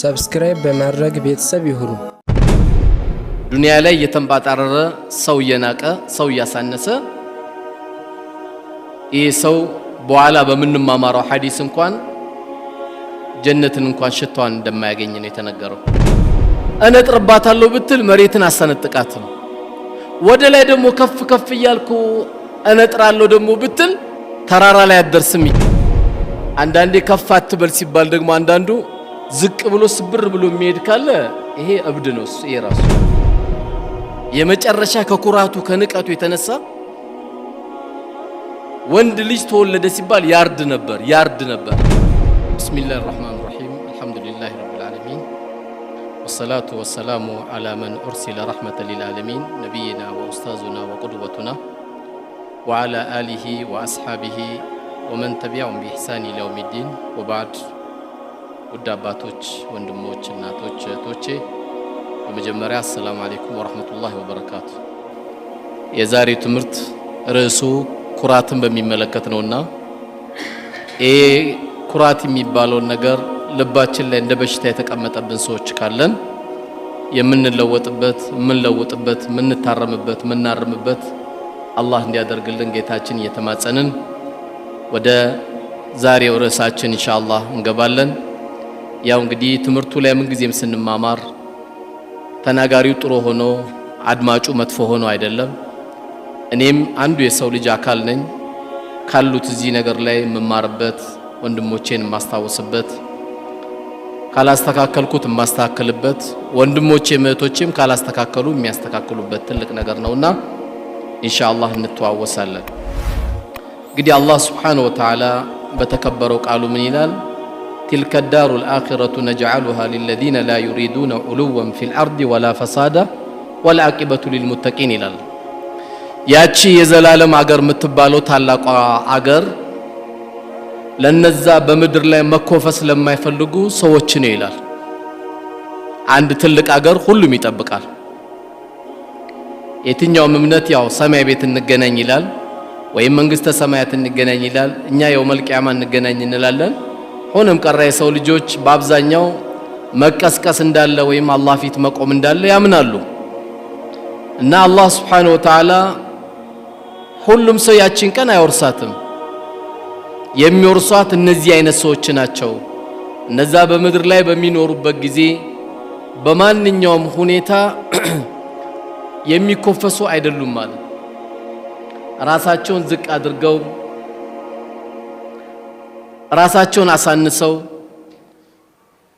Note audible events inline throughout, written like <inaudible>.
ሰብስክራይብ በማድረግ ቤተሰብ ይሁኑ። ዱንያ ላይ እየተንባጣረረ ሰው እየናቀ ሰው እያሳነሰ ይህ ሰው በኋላ በምንማማረው ሐዲስ እንኳን ጀነትን እንኳን ሽታዋን እንደማያገኝ ነው የተነገረው። እነጥርባታለሁ ብትል መሬትን አሰነጥቃት ነው። ወደ ላይ ደግሞ ከፍ ከፍ እያልኩ እነጥራለሁ ደግሞ ብትል ተራራ ላይ አደርስም። አንዳንዴ ከፍ አትበል ሲባል ደግሞ አንዳንዱ ዝቅ ብሎ ስብር ብሎ የሚሄድ ካለ ይሄ እብድ ነው። እሱ የራሱ የመጨረሻ ከኩራቱ ከንቀቱ የተነሳ ወንድ ልጅ ተወለደ ሲባል ያርድ ነበር ያርድ ነበር። ብስሚላህ ራህማን ራሒም አልሐምዱሊላህ ረብል ዓለሚን ወሰላቱ ወሰላሙ ዓላ መን ኡርሲለ ረሕመተ ሊልዓለሚን ነቢይና ወኡስታዙና ወቁድወቱና ወዓላ አሊሂ ወአስሓቢሂ ወመን ተቢዐሁም ቢኢሕሳን ኢላ የውሚዲን ወባዕድ ውድ አባቶች፣ ወንድሞች፣ እናቶች፣ እህቶቼ በመጀመሪያ አሰላሙ አሌይኩም ወረህመቱላሂ ወበረካቱ። የዛሬው ትምህርት ርዕሱ ኩራትን በሚመለከት ነውና ይሄ ኩራት የሚባለውን ነገር ልባችን ላይ እንደ በሽታ የተቀመጠብን ሰዎች ካለን የምንለወጥበት፣ የምንለውጥበት፣ የምንታረምበት፣ የምናርምበት አላህ እንዲያደርግልን ጌታችን እየተማጸንን ወደ ዛሬው ርዕሳችን ኢንሻአላህ እንገባለን። ያው እንግዲህ ትምህርቱ ላይ ምንጊዜም ስንማማር ተናጋሪው ጥሩ ሆኖ አድማጩ መጥፎ ሆኖ አይደለም። እኔም አንዱ የሰው ልጅ አካል ነኝ ካሉት እዚህ ነገር ላይ የምማርበት ወንድሞቼን የማስታወስበት ካላስተካከልኩት የማስተካከልበት ወንድሞቼ እህቶቼም ካላስተካከሉ የሚያስተካክሉበት ትልቅ ነገር ነውና ኢንሻአላህ እንተዋወሳለን። እንግዲህ አላህ ሱብሓነሁ ወተዓላ በተከበረው ቃሉ ምን ይላል? تلك الدار الآخرة نجعلها للذين لا يريدون علوا في الأرض ወላ فسادا والعاقبة للمتقين ይላል። ያቺ የዘላለም አገር የምትባለው ታላቋ አገር ለነዛ በምድር ላይ መኮፈስ ለማይፈልጉ ሰዎች ነው ይላል። አንድ ትልቅ አገር ሁሉም ይጠብቃል። የትኛውም እምነት ያው ሰማይ ቤት እንገናኝ ይላል፣ ወይም መንግስተ ሰማያት እንገናኝ ይላል። እኛ የው መልቅያማ እንገናኝ እንላለን። ሆነም ቀረ የሰው ልጆች በአብዛኛው መቀስቀስ እንዳለ ወይም አላህ ፊት መቆም እንዳለ ያምናሉ እና አላህ ስብሓነሁ ወተዓላ ሁሉም ሰው ያችን ቀን አይወርሳትም። የሚወርሷት እነዚህ አይነት ሰዎች ናቸው። እነዛ በምድር ላይ በሚኖሩበት ጊዜ በማንኛውም ሁኔታ <clears throat> የሚኮፈሱ አይደሉም ማለት ራሳቸውን ዝቅ አድርገው ራሳቸውን አሳንሰው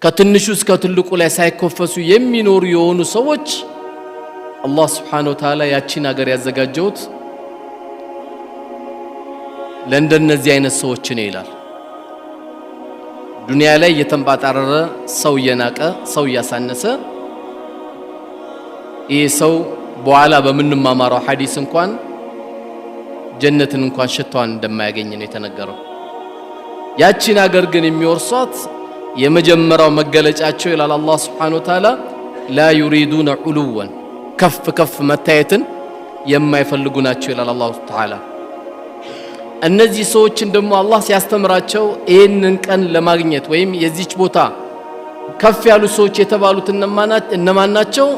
ከትንሹ እስከ ትልቁ ላይ ሳይኮፈሱ የሚኖሩ የሆኑ ሰዎች አላህ ስብሓነሁ ወተዓላ ያቺን ሀገር ያዘጋጀውት ለእንደነዚህ አይነት ሰዎች ነው ይላል። ዱንያ ላይ እየተንባጣረረ ሰው እየናቀ ሰው እያሳነሰ ይህ ሰው በኋላ በምንማማረው ሐዲስ እንኳን ጀነትን እንኳን ሽታዋን እንደማያገኝ ነው የተነገረው። ያቺን አገር ግን የሚወርሷት የመጀመሪያው መገለጫቸው ይላል አላህ Subhanahu Wa Ta'ala ላ ዩሪዱነ ዑሉወን ከፍ ከፍ መታየትን የማይፈልጉ ናቸው ይላል አላህ ተዓላ። እነዚህ ሰዎችን ደግሞ አላህ ሲያስተምራቸው ይህንን ቀን ለማግኘት ወይም የዚች ቦታ ከፍ ያሉ ሰዎች የተባሉት እነማን ናቸው?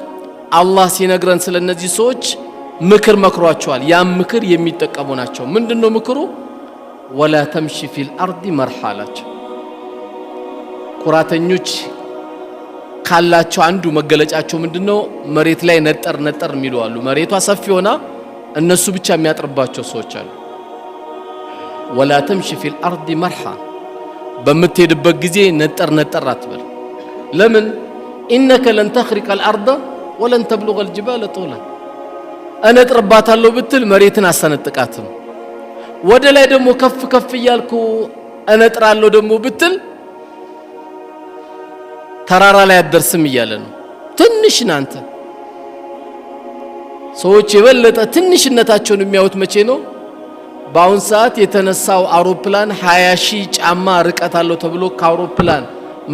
አላህ ሲነግረን ስለ እነዚህ ሰዎች ምክር መክሯቸዋል። ያም ምክር የሚጠቀሙ ናቸው። ምንድን ነው ምክሩ? ወላ ተምሺ ፊል አርዲ መርሃ አላቸው። ኩራተኞች ካላቸው አንዱ መገለጫቸው ምንድነው መሬት ላይ ነጠር ነጠር የሚሉ አሉ። መሬቷ ሰፊ ሆና እነሱ ብቻ የሚያጥርባቸው ሰዎች አሉ። ወላ ተምሺ ፊል አርዲ መርሃ በምትሄድበት ጊዜ ነጠር ነጠር አትበል። ለምን? ኢነከ ለን ተኽሪቀ አልአርደ ወለን ተብሉገ አልጅባለ ጦላ። እነጥርባታለሁ ብትል መሬትን አሰነጥቃትም ወደ ላይ ደግሞ ከፍ ከፍ እያልኩ እነጥራለሁ ደግሞ ብትል ተራራ ላይ አደርስም እያለ ነው። ትንሽ ናንተ ሰዎች የበለጠ ትንሽነታቸውን የሚያዩት መቼ ነው? በአሁን ሰዓት የተነሳው አውሮፕላን 20 ሺህ ጫማ ርቀት አለው ተብሎ ከአውሮፕላን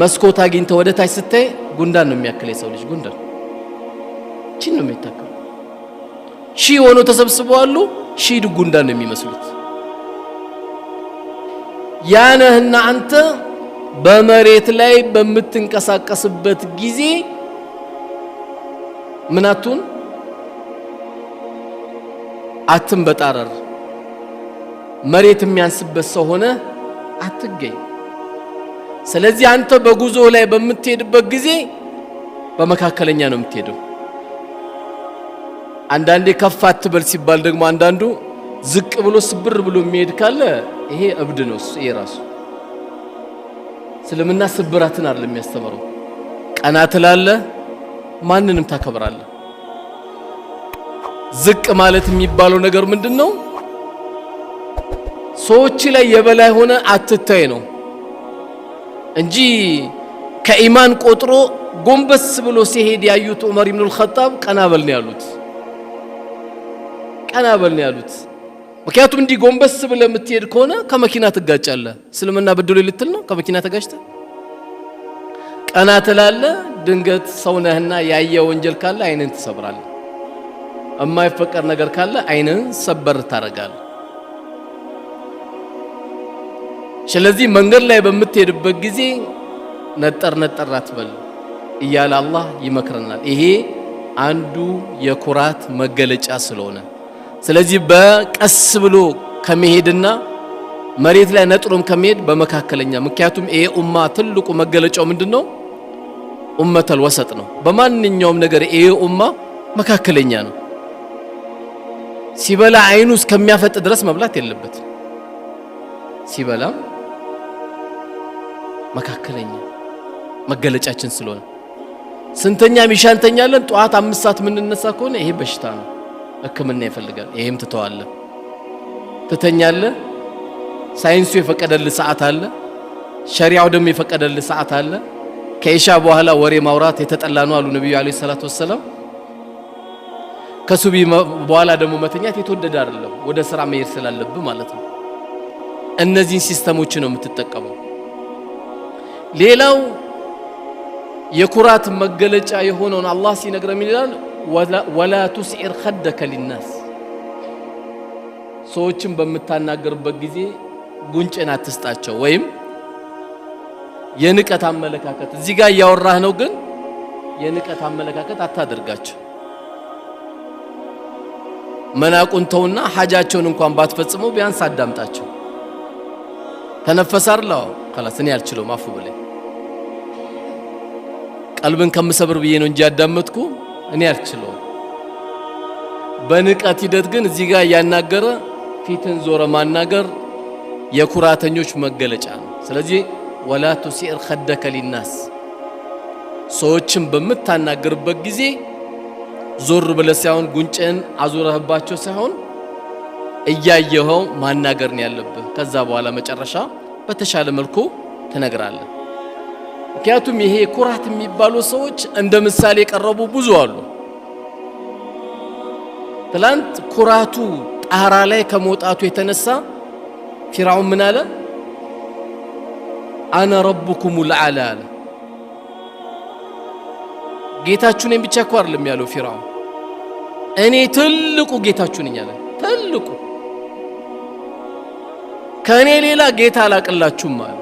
መስኮት አግኝተ ወደ ታች ስታይ ጉንዳን ነው የሚያክል የሰው ልጅ ጉንዳን ቺን ነው የሚታከል ሺህ ሆኖ አሉ ሺህ ጉንዳን ነው የሚመስሉት። ያነህና አንተ በመሬት ላይ በምትንቀሳቀስበት ጊዜ ምናቱን በጣረር መሬት የሚያንስበት ሰው ሆነ አትገኝ። ስለዚህ አንተ በጉዞ ላይ በምትሄድበት ጊዜ በመካከለኛ ነው የምትሄደው። አንዳንዴ ከፍ አትበል ሲባል ደግሞ አንዳንዱ ዝቅ ብሎ ስብር ብሎ የሚሄድ ካለ ይሄ እብድ ነው። እሱ ይሄ ራሱ እስልምና ስብራትን አይደለም የሚያስተምረው። ቀና ትላለ፣ ማንንም ታከብራለ። ዝቅ ማለት የሚባለው ነገር ምንድን ነው? ሰዎች ላይ የበላይ ሆነ አትታይ ነው እንጂ ከኢማን ቆጥሮ ጎንበስ ብሎ ሲሄድ ያዩት ዑመር ኢብኑል ኸጣብ ቀና በል ነው ያሉት። ቀና በል ነው ያሉት። ምክንያቱም እንዲህ ጎንበስ ብለ የምትሄድ ከሆነ ከመኪና ትጋጫለ እስልምና ብድሉ ልትል ነው? ከመኪና ተጋጭተ ቀና ትላለህ። ድንገት ሰውነህና ያየ ወንጀል ካለ አይንን ትሰብራለ የማይፈቀድ ነገር ካለ አይንን ሰበር ታደርጋለህ። ስለዚህ መንገድ ላይ በምትሄድበት ጊዜ ነጠር ነጠር አትበል እያለ አላህ ይመክረናል። ይሄ አንዱ የኩራት መገለጫ ስለሆነ ስለዚህ በቀስ ብሎ ከመሄድና መሬት ላይ ነጥሮም ከመሄድ በመካከለኛ። ምክንያቱም ይሄ ኡማ ትልቁ መገለጫው ምንድን ነው? ኡመተል ወሰጥ ነው። በማንኛውም ነገር ይሄ ኡማ መካከለኛ ነው። ሲበላ አይኑ እስከሚያፈጥ ድረስ መብላት የለበትም። ሲበላ መካከለኛ መገለጫችን ስለሆነ ስንተኛ ሚሻንተኛለን? ጠዋት አምስት ሰዓት የምንነሳ ከሆነ ይሄ በሽታ ነው። ህክምና ይፈልጋል። ይሄም ትተዋለህ፣ ትተኛለህ። ሳይንሱ የፈቀደልህ ሰዓት አለ፣ ሸሪዓው ደግሞ የፈቀደልህ ሰዓት አለ። ከኢሻ በኋላ ወሬ ማውራት የተጠላ ነው አሉ ነቢዩ ዓለይሂ ሰላቱ ወሰላም። ከሱቢ በኋላ ደግሞ መተኛት የተወደደ አይደለም፣ ወደ ስራ መሄድ ስላለብህ ማለት ነው። እነዚህን ሲስተሞች ነው የምትጠቀመው። ሌላው የኩራት መገለጫ የሆነውን አላህ ሲነግረን ይላል ወላ ቱስዒር ኸደከ ሊናስ ሰዎችን በምታናገርበት ጊዜ ጉንጭን አትስጣቸው፣ ወይም የንቀት አመለካከት እዚህ ጋር እያወራህ ነው፣ ግን የንቀት አመለካከት አታደርጋቸው። መናቁን ተውና ሀጃቸውን እንኳን ባትፈጽመው ቢያንስ አዳምጣቸው። ተነፈሰ አርላው ከላስ እኔ አልችለውም አፉ ብለኝ ቀልብን ከምሰብር ብዬ ነው እንጂ ያዳመጥኩ እኔ አልችለውም። በንቀት ሂደት ግን እዚህ ጋር እያናገረ ፊትን ዞረ ማናገር የኩራተኞች መገለጫ ነው። ስለዚህ ወላ ቱሲዕር ከደከ ሊናስ ሰዎችን በምታናግርበት ጊዜ ዞር ብለህ ሳይሆን ጉንጭህን አዙረህባቸው ሳይሆን እያየኸው ማናገር ነው ያለብህ። ከዛ በኋላ መጨረሻ በተሻለ መልኩ ትነግራለህ። ምክንያቱም ይሄ ኩራት የሚባሉ ሰዎች እንደ ምሳሌ የቀረቡ ብዙ አሉ። ትላንት ኩራቱ ጣራ ላይ ከመውጣቱ የተነሳ ፊራውን ምን አለ? አነ ረቡኩም ልዓላ አለ። ጌታችሁ ነኝ ብቻ እኮ አይደለም ያለው ፊራውን፣ እኔ ትልቁ ጌታችሁ ነኝ አለ። ትልቁ ከእኔ ሌላ ጌታ አላቅላችሁም አለ።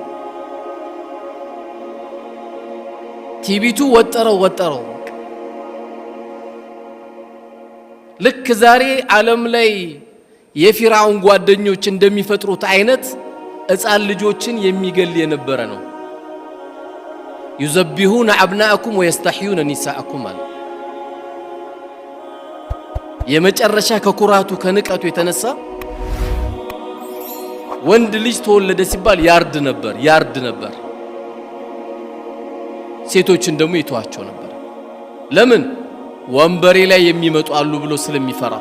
ቲቢቱ ወጠረው ወጠረው። ልክ ዛሬ ዓለም ላይ የፊራውን ጓደኞች እንደሚፈጥሩት አይነት ሕፃን ልጆችን የሚገል የነበረ ነው። ዩዘቢሁነ አብናአኩም ወየስተሕዩነ ኒሳአኩም አለ። የመጨረሻ ከኩራቱ ከንቀቱ የተነሳ ወንድ ልጅ ተወለደ ሲባል ያርድ ነበር ያርድ ነበር። ሴቶችን ደግሞ ይተዋቸው ነበር። ለምን? ወንበሬ ላይ የሚመጡ አሉ ብሎ ስለሚፈራ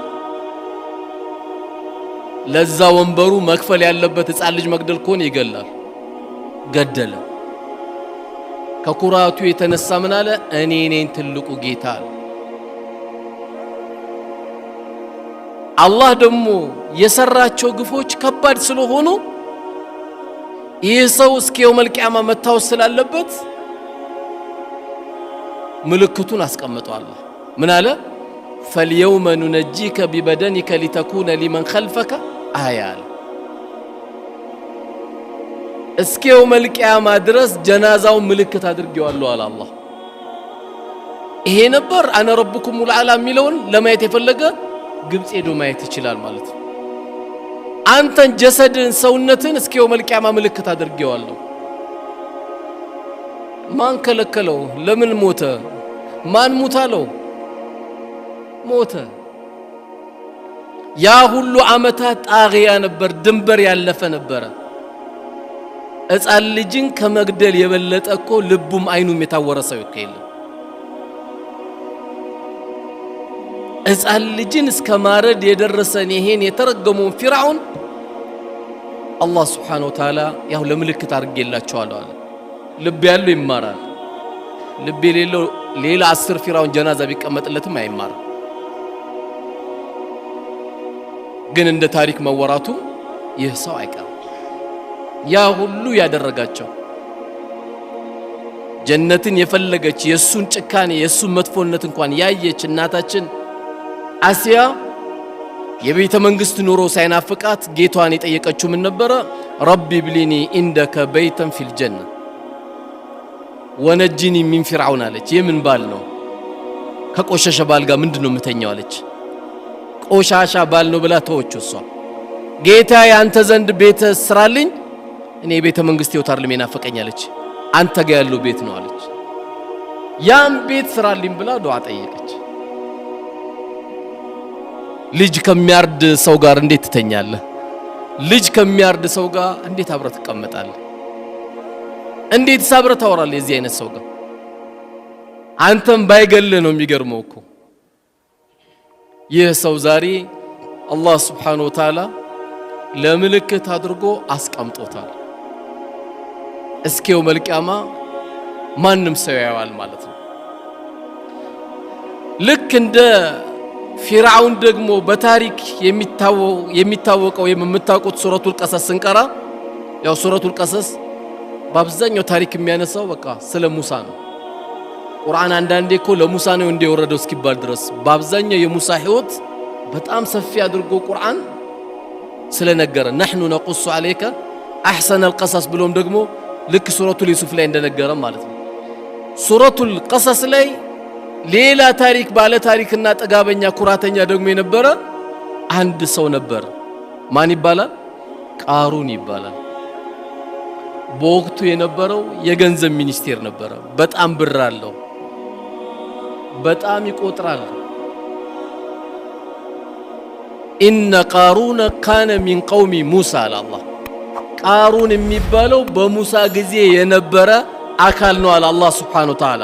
ለዛ ወንበሩ መክፈል ያለበት ህፃን ልጅ መግደል ከሆነ ይገላል። ገደለ። ከኩራቱ የተነሳ ምን አለ? እኔ ነኝ ትልቁ ጌታ አላህ ደግሞ የሰራቸው ግፎች ከባድ ስለሆኑ ይህ ሰው እስከ የውመል ቂያማ መታወስ ስላለበት ምልክቱን አስቀምጧል። ምን አለ? ፈልየውመ ኑነጂከ ቢበደኒከ ሊተኩነ ሊመን ኸልፈከ አያ አለ። እስከ የውመል ድረስ ጀናዛውን ምልክት አድርጌዋለሁ አለ አላህ። ይሄ ነበር አነ ረብኩም ልዓላ የሚለውን ለማየት የፈለገ ግብፅ ሄዶ ማየት ይችላል ማለት ነው። አንተን ጀሰድን ሰውነትን እስከ መልቅያማ ምልክት አድርጌዋለሁ። ማን ከለከለው? ለምን ሞተ? ማን ሙት አለው? ሞተ። ያ ሁሉ ዓመታት ጣግያ ነበር፣ ድንበር ያለፈ ነበረ። ሕፃን ልጅን ከመግደል የበለጠ እኮ ልቡም አይኑም የታወረ ሰው እኮ የለም። ሕፃን ልጅን እስከ ማረድ የደረሰን ይሄን የተረገመውን ፊርዓውን አላህ ስብሓነ ወተዓላ ያው ለምልክት አድርጌላቸዋለሁ አለ። ልብ ያለው ይማራል። ልብ የሌለው ሌላ አስር ፊራውን ጀናዛ ቢቀመጥለትም አይማርም። ግን እንደ ታሪክ መወራቱ ይህ ሰው አይቀርም። ያ ሁሉ ያደረጋቸው ጀነትን የፈለገች የእሱን ጭካኔ የእሱን መጥፎነት እንኳን ያየች እናታችን አሲያ የቤተ መንግሥት ኑሮ ሳይናፍቃት ጌቷን የጠየቀችው ምን ነበረ? ረቢ ብሊኒ ኢንደከ በይተን ፊል ጀነት ወነጅኒ ሚን ፊርዓውን አለች። የምን ባል ነው? ከቆሻሻ ባል ጋር ምንድን ነው የምተኛው አለች። ቆሻሻ ባል ነው ብላ ተወች። እሷ ጌታ የአንተ ዘንድ ቤት ስራልኝ፣ እኔ የቤተ መንግስት ህይወት አይደለም የናፈቀኝ አለች። አንተ ጋር ያለው ቤት ነው አለች። ያም ቤት ስራልኝ ብላ ዱዓ ጠየቀች። ልጅ ከሚያርድ ሰው ጋር እንዴት ትተኛለህ? ልጅ ከሚያርድ ሰው ጋር እንዴት አብረህ ትቀመጣለህ? እንዴት ሰብር ታወራለህ? የዚህ አይነት ሰው ጋር አንተም ባይገል ነው የሚገርመው እኮ። ይህ ሰው ዛሬ አላህ ሱብሓነሁ ወተዓላ ለምልክት አድርጎ አስቀምጦታል። እስኪው መልቅያማ ማንም ሰው ያየዋል ማለት ነው። ልክ እንደ ፊርዓውን ደግሞ በታሪክ የሚታወቀው የምታውቁት ሱረቱል ቀሰስ ስንቀራ ያው ሱረቱል ቀሰስ በአብዛኛው ታሪክ የሚያነሳው በቃ ስለ ሙሳ ነው። ቁርአን አንዳንዴ እኮ ለሙሳ ነው እንደ የወረደው እስኪባል ድረስ በአብዛኛው የሙሳ ህይወት በጣም ሰፊ አድርጎ ቁርአን ስለነገረ ነሕኑ ነቁሱ አለይከ አሕሰን ቀሰስ ብሎም ደግሞ ልክ ሱረቱል ዩሱፍ ላይ እንደነገረ ማለት ነው። ሱረቱል ቀሰስ ላይ ሌላ ታሪክ ባለ ታሪክና ጥጋበኛ ኩራተኛ ደግሞ የነበረ አንድ ሰው ነበር። ማን ይባላል? ቃሩን ይባላል። በወቅቱ የነበረው የገንዘብ ሚኒስቴር ነበረ። በጣም ብር አለው፣ በጣም ይቆጥራል። ኢነ ቃሩነ ካነ ሚን ቀውሚ ሙሳ አለ ቃሩን የሚባለው በሙሳ ጊዜ የነበረ አካል ነው አለ አላህ ሱብሓነሁ ወተዓላ።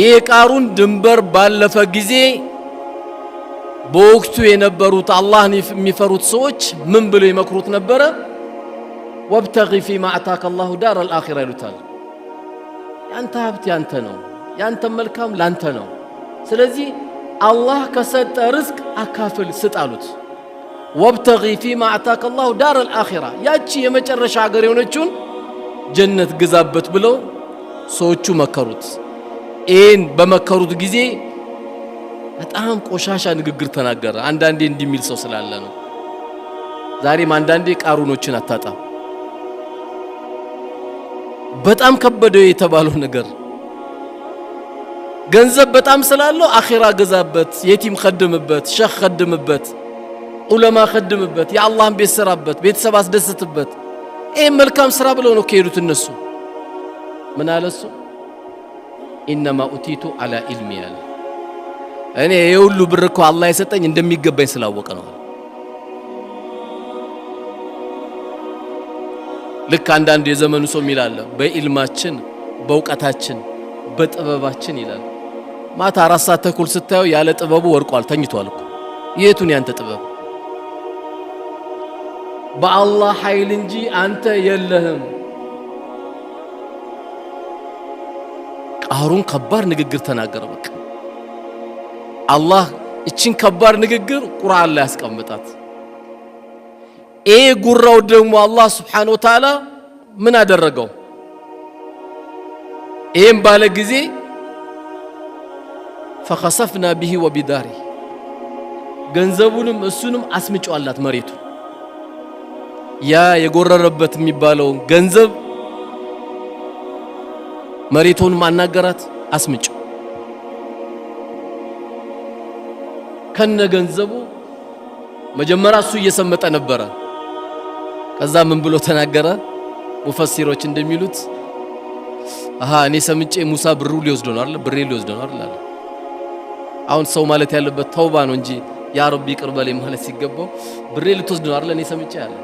ይህ ቃሩን ድንበር ባለፈ ጊዜ በወቅቱ የነበሩት አላህን የሚፈሩት ሰዎች ምን ብለው ይመክሩት ነበረ? ወብተጊ ፊማ አታከ አላሁ ዳር አልአኺራ ይሉታል። ያንተ ሀብት ያንተ ነው፣ ያንተ መልካም ላንተ ነው። ስለዚህ አላህ ከሰጠ ርዝቅ አካፍል ስጥ አሉት። ወብተጊ ፊማ አታከ አላሁ ዳር አልአኺራ፣ ያቺ የመጨረሻ ሀገር የሆነችውን ጀነት ግዛበት ብለው ሰዎቹ መከሩት። ይህን በመከሩት ጊዜ በጣም ቆሻሻ ንግግር ተናገረ። አንዳንዴ እንዲህ የሚል ሰው ስላለ ነው። ዛሬም አንዳንዴ ቃሩኖችን አታጣም። በጣም ከበደው የተባለው ነገር ገንዘብ በጣም ስላለው አኼራ ገዛበት፣ የቲም ከድምበት፣ ሸህ ከድምበት፣ ዑለማ ከድምበት፣ የአላህን ቤት ስራበት፣ ቤተሰብ አስደስትበት። ይህም መልካም ስራ ብለው ነው ከሄዱት እነሱ ምን አለ እሱ ኢነማ ኡቲቱ አላ ኢልሚ ያለ እኔ የሁሉ ብር እኮ አላህ የሰጠኝ እንደሚገባኝ ስላወቀ ነው። ልክ አንዳንድ የዘመኑ ሰው ይላል በኢልማችን በእውቀታችን በጥበባችን ይላል። ማታ አራት ሰዓት ተኩል ስታየው ያለ ጥበቡ ወርቋል ተኝቷል እኮ። የቱን ያንተ ጥበብ? በአላህ ኃይል እንጂ አንተ የለህም። ቃሩን ከባድ ንግግር ተናገረ። በቃ አላህ እችን ከባድ ንግግር ቁርአን ላይ ያስቀምጣት። ይህ ጉራው ደግሞ አላህ ስብሓነሁ ወተዓላ ምን አደረገው? ይህም ባለ ጊዜ ፈኸሰፍና ብሂ ወቢዳሪ ገንዘቡንም እሱንም አስምጨዋላት መሬቱ። ያ የጎረረበት የሚባለው ገንዘብ መሬቱን ማናገራት አስምጨው ከነ ገንዘቡ መጀመሪያ እሱ እየሰመጠ ነበረ። ከዛ ምን ብሎ ተናገረ? ሙፈሲሮች እንደሚሉት አሃ እኔ ሰምጬ ሙሳ ብሩ ሊወስዶ ነው አይደል? ብሬ ሊወስዶ ነው አይደል? አሁን ሰው ማለት ያለበት ተውባ ነው እንጂ ያ ረቢ ይቅር በለኝ ማለት ሲገባው ብሬ ልትወስድ ነው አይደል? እኔ ሰምጬ አለ።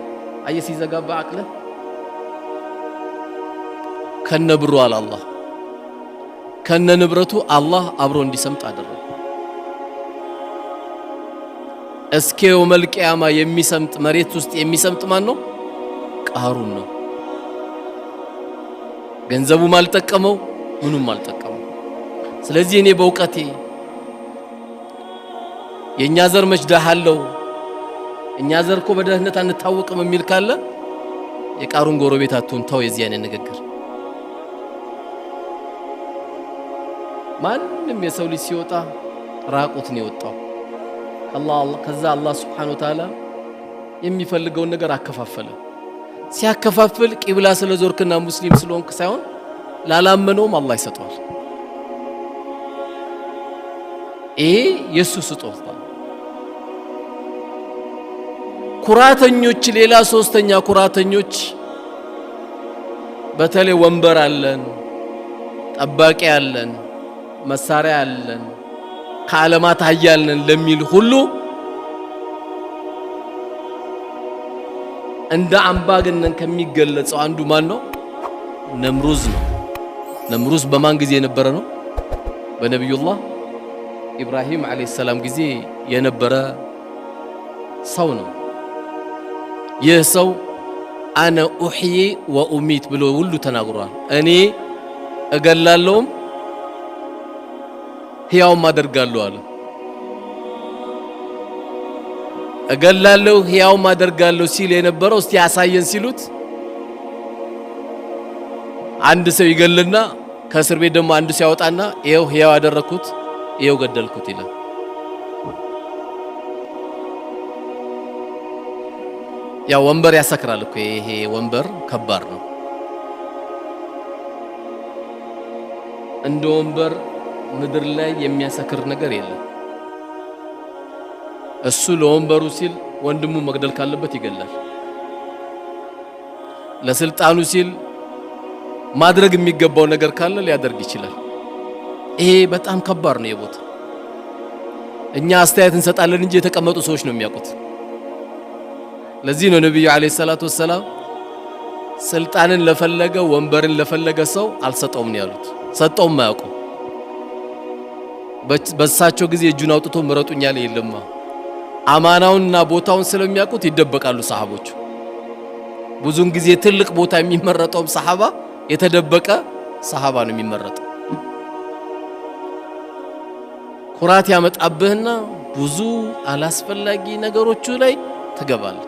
አየ ሲዘጋባ አቅለ ከነ ብሩ አለ አላህ ከነ ንብረቱ አላህ አብሮ እንዲሰምጥ አደረገ። እስከ የውመል ቂያማ የሚሰምጥ መሬት ውስጥ የሚሰምጥ ማን ነው? ቃሩን ነው። ገንዘቡም አልጠቀመው፣ ምኑም አልጠቀመው። ስለዚህ እኔ በእውቀቴ የእኛ ዘር መች ድሃ አለው እኛ ዘር እኮ በደህንነት አንታወቅም የሚል ካለ የቃሩን ጎረቤት አትሁን። ተው የዚህ አይነት ንግግር። ማንም የሰው ልጅ ሲወጣ ራቁት ነው የወጣው። ከዛ አላህ ስብሓነ ወተዓላ የሚፈልገውን ነገር አከፋፈለ። ሲያከፋፍል ቂብላ ስለ ዞርክና ሙስሊም ስለሆንክ ሳይሆን ላላመነውም አላህ ይሰጠዋል። ይሄ የእሱ ስጦታ። ኩራተኞች፣ ሌላ ሶስተኛ ኩራተኞች በተለይ ወንበር አለን፣ ጠባቂ አለን፣ መሳሪያ አለን ከዓለማት ኃያል ለሚል ሁሉ እንደ አምባገነን ከሚገለጸው አንዱ ማን ነው? ነምሩዝ ነው። ነምሩዝ በማን ጊዜ የነበረ ነው? በነቢዩላህ ኢብራሂም ዓለይሂ ሰላም ጊዜ የነበረ ሰው ነው። ይህ ሰው አነ ኡሕዬ ወኡሚት ብሎ ሁሉ ተናግሯል። እኔ እገላለሁም ሕያውም አደርጋለሁ አለ። እገላለሁ ሕያውም አደርጋለሁ ሲል የነበረው እስቲ ያሳየን ሲሉት አንድ ሰው ይገልና ከእስር ቤት ደግሞ አንዱ ሲያወጣና ይኸው ሕያው ያደረግኩት ይኸው ገደልኩት ይላል። ያው ወንበር ያሰክራል እኮ ይሄ ወንበር ከባድ ነው እንደ ወንበር ምድር ላይ የሚያሰክር ነገር የለም። እሱ ለወንበሩ ሲል ወንድሙ መግደል ካለበት ይገላል። ለስልጣኑ ሲል ማድረግ የሚገባው ነገር ካለ ሊያደርግ ይችላል። ይሄ በጣም ከባድ ነው። የቦታ እኛ አስተያየት እንሰጣለን እንጂ የተቀመጡ ሰዎች ነው የሚያውቁት። ለዚህ ነው ነቢዩ ዓለይሂ ሰላቱ ወሰላም ስልጣንን ለፈለገ ወንበርን ለፈለገ ሰው አልሰጠውም ነው ያሉት። ሰጠውም አያውቁም። በሳቸው ጊዜ እጁን አውጥቶ ምረጡኛ ያለ የለማ። አማናውንና ቦታውን ስለሚያውቁት ይደበቃሉ ሰሃቦች። ብዙን ጊዜ ትልቅ ቦታ የሚመረጠውም ሰሃባ የተደበቀ ሰሃባ ነው የሚመረጠው። ኩራት ያመጣብህና ብዙ አላስፈላጊ ነገሮቹ ላይ ትገባለህ።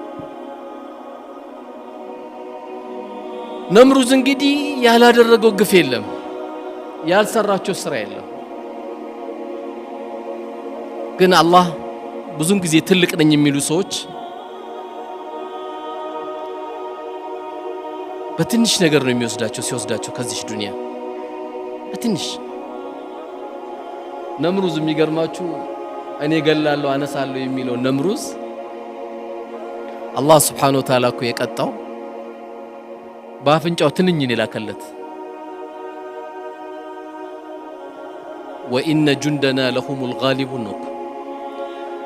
ነምሩዝ እንግዲህ ያላደረገው ግፍ የለም፣ ያልሰራቸው ስራ የለም። ግን አላህ ብዙን ጊዜ ትልቅ ነኝ የሚሉ ሰዎች በትንሽ ነገር ነው የሚወስዳቸው ሲወስዳቸው ከዚች ዱንያ በትንሽ ነምሩዝ የሚገርማችሁ እኔ ገላለሁ አነሳለሁ የሚለው ነምሩዝ አላህ ስብሓነሁ ወተዓላ እኮ የቀጣው በአፍንጫው ትንኝን የላከለት ወኢነ ጁንደና ለሁሙል ጋሊቡን ነው።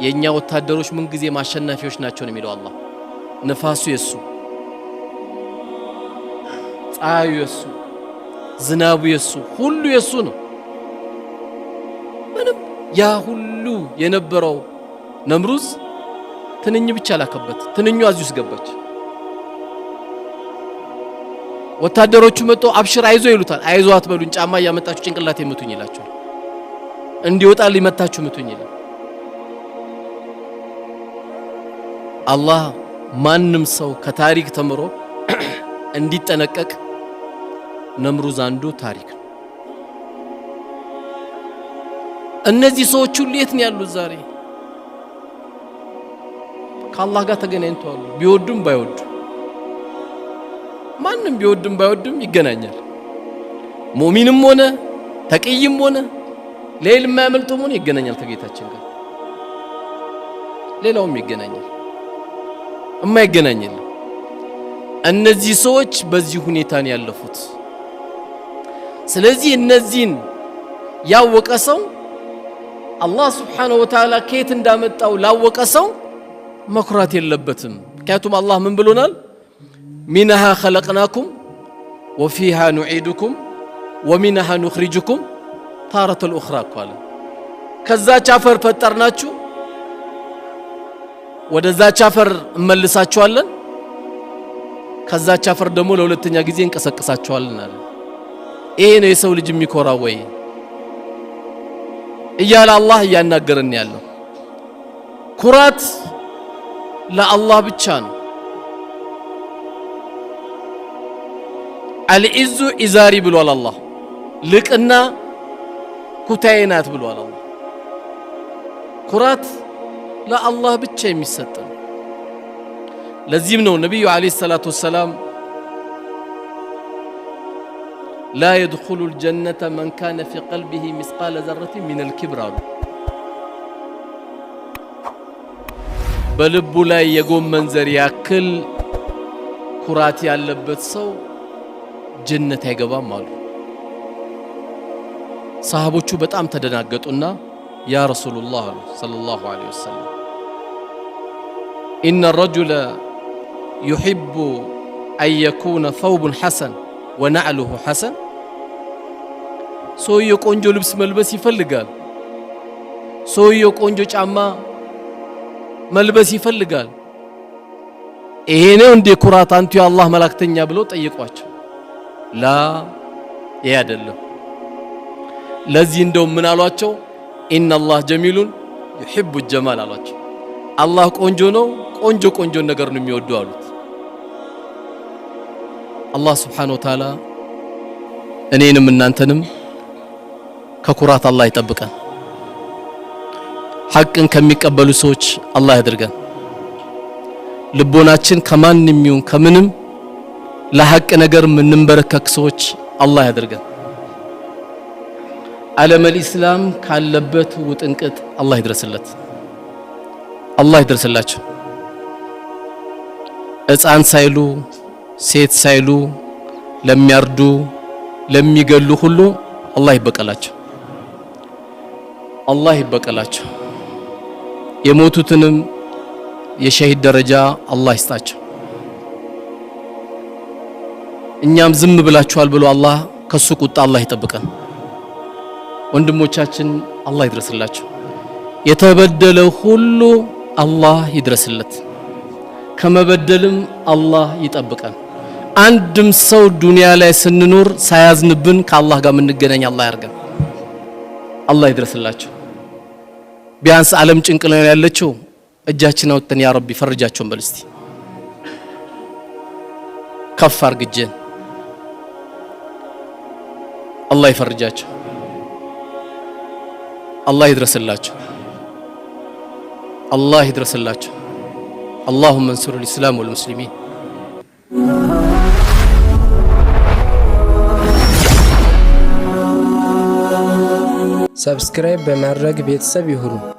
የእኛ ወታደሮች ምንጊዜ ማሸናፊዎች ናቸው ነው የሚለው አላህ። ነፋሱ የሱ፣ ፀሐዩ የሱ፣ ዝናቡ የሱ፣ ሁሉ የሱ ነው። ምንም ያ ሁሉ የነበረው ነምሩዝ ትንኝ ብቻ ላከበት። ትንኙ አዚሁ ውስጥ ገባች። ወታደሮቹ መጥቶ አብሽር አይዞ ይሉታል። አይዞ አትበሉኝ፣ ጫማ እያመጣችሁ ጭንቅላት የምቱኝ ይላቸዋል። እንዲወጣ ሊመታችሁ ምቱኝ ይላል። አላህ ማንም ሰው ከታሪክ ተምሮ <clears throat> እንዲጠነቀቅ ነምሩዝ አንዱ ታሪክ ነው። እነዚህ ሰዎች ሁሉ የት ነው ያሉት ዛሬ? ከአላህ ጋር ተገናኝተዋል። ቢወዱም ባይወዱም ማንም ቢወድም ባይወድም ይገናኛል። ሙእሚንም ሆነ ተቅይም ሆነ ሌላ የማያመልጠውም ሆነ ይገናኛል ከጌታችን ጋር ሌላውም ይገናኛል። የማይገናኝልን እነዚህ ሰዎች በዚህ ሁኔታ ነው ያለፉት። ስለዚህ እነዚህን ያወቀ ሰው አላህ ስብሓነሁ ወተዓላ ከየት እንዳመጣው ላወቀ ሰው መኩራት የለበትም። ምክንያቱም አላህ ምን ብሎናል? ሚንሃ ኸለቅናኩም ወፊሃ ኑዒዱኩም ወሚንሃ ኑኽሪጅኩም ታረተል ኡኽራ እኮ አለ። ከዛች አፈር ፈጠርናችሁ ወደዛች አፈር እመልሳቸዋለን፣ ከዛች አፈር ደግሞ ለሁለተኛ ጊዜ እንቀሰቅሳቸዋለን አለ። ይሄ ነው የሰው ልጅ የሚኮራ ወይ እያለ አላህ እያናገረን ያለው። ኩራት ለአላህ ብቻ ነው። አልኢዙ ኢዛሪ ብሏል አላህ። ልቅና ኩታዬ ናት ብሏል አላህ ኩራት ለአላህ ብቻ የሚሰጥ ነው። ለዚህም ነው ነቢዩ ዓለይሂ ሰላቱ ወሰላም ላ የድኹሉ ልጀነተ መን ካነ ፊ ቀልቢሂ ሚስቃለ ዘረት ሚነል ኪብር አሉ። በልቡ ላይ የጎመን ዘር ያክል ኩራት ያለበት ሰው ጀነት አይገባም አሉ። ሰሃቦቹ በጣም ተደናገጡና ያ ረሱሉላህ አሉ ሰለላሁ ዐለይሂ ወሰለም። ኢነ ረጁለ ዩሒቡ አን የኩነ ተውቡን ሐሰን ወነዕሉሁ ሐሰን። ሰውየው ቆንጆ ልብስ መልበስ ይፈልጋል። ሰውየው ቆንጆ ጫማ መልበስ ይፈልጋል። ይሄ ነው እንዴ ኩራት? አንቱ የአላህ መላእክተኛ ብሎ ጠይቋቸው? ላ ይሄ አይደለም። ለዚህ እንደውም ምን አሏቸው? ኢነላህ ጀሚሉን ዩሒቡ ጀማል አሏቸው። አላህ ቆንጆ ነው፣ ቆንጆ ቆንጆን ነገር ነው የሚወዱ አሉት። አላህ ስብሓነሁ ወተዓላ እኔንም እናንተንም ከኩራት አላህ ይጠብቀን። ሐቅን ከሚቀበሉ ሰዎች አላህ ያድርገን። ልቦናችን ከማንም ይሁን ከምንም ለሐቅ ነገር የምንበረከክ ሰዎች አላህ ያድርገን። ዓለም ኢስላም ካለበት ውጥንቅጥ አላህ ይድረስለት፣ አላህ ይድረስላቸው። ሕፃን ሳይሉ ሴት ሳይሉ ለሚያርዱ ለሚገሉ ሁሉ አላህ ይበቀላቸው፣ አላህ ይበቀላቸው። የሞቱትንም የሸሂድ ደረጃ አላህ ይስጣቸው። እኛም ዝም ብላችኋል ብሎ አላህ ከሱ ቁጣ አላህ ይጠብቀን። ወንድሞቻችን አላህ ይድረስላቸው። የተበደለ ሁሉ አላህ ይድረስለት፣ ከመበደልም አላህ ይጠብቀን። አንድም ሰው ዱንያ ላይ ስንኖር ሳያዝንብን ከአላህ ጋር የምንገናኝ አላህ ያርገን። አላህ ይድረስላቸው። ቢያንስ ዓለም ጭንቅ ላይ ያለችው እጃችን አውጥተን ያ ረቢ ፈርጃቸውን በል እስቲ ከፍ አርግጀን አላህ ይፈርጃቸው። الله يدرس الله الله يدرس الله اللهم انصر الإسلام والمسلمين سبسكرايب بمعرق بيتسابي هرو